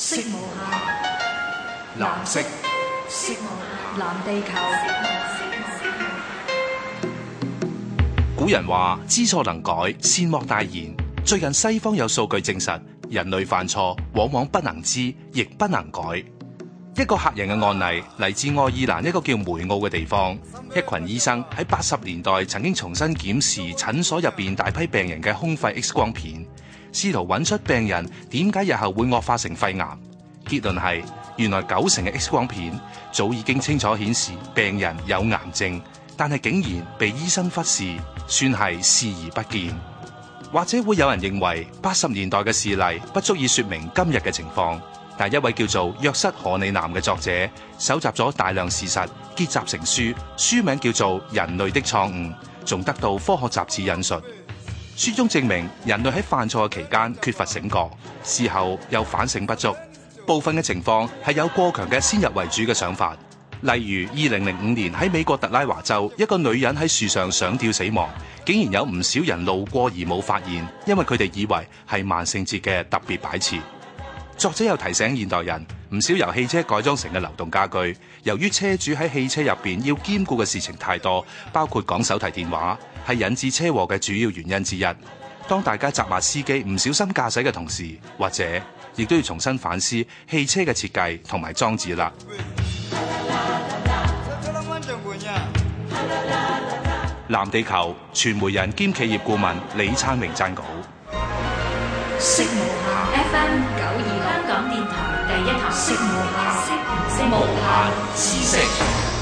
色無下藍色。色無限，藍地球。古人話：知錯能改，善莫大焉。最近西方有數據證實，人類犯錯往往不能知，亦不能改。一個客人嘅案例嚟自愛爾蘭一個叫梅奧嘅地方，一群醫生喺八十年代曾經重新檢視診所入邊大批病人嘅胸肺 X 光片。試圖搵出病人點解日後會惡化成肺癌，結論係原來九成嘅 X 光片，早已經清楚顯示病人有癌症，但係竟然被醫生忽視，算係視而不見。或者會有人認為八十年代嘅事例不足以說明今日嘅情況，但一位叫做約瑟何尼南嘅作者搜集咗大量事實，結集成書，書名叫做《人類的錯誤》，仲得到科學雜誌引述。書中證明人類喺犯錯嘅期間缺乏醒覺，事後又反省不足，部分嘅情況係有過強嘅先入為主嘅想法。例如二零零五年喺美國特拉華州，一個女人喺樹上上吊死亡，竟然有唔少人路過而冇發現，因為佢哋以為係萬聖節嘅特別擺設。作者又提醒現代人。唔少由汽車改裝成嘅流動家具，由於車主喺汽車入邊要兼顧嘅事情太多，包括講手提電話，係引致車禍嘅主要原因之一。當大家責罵司機唔小心駕駛嘅同時，或者亦都要重新反思汽車嘅設計同埋裝置啦。藍地球，傳媒人兼企業顧問李燦榮撰稿。識無限，FM 九二香港電臺第一台，識無限，識無限，知識。式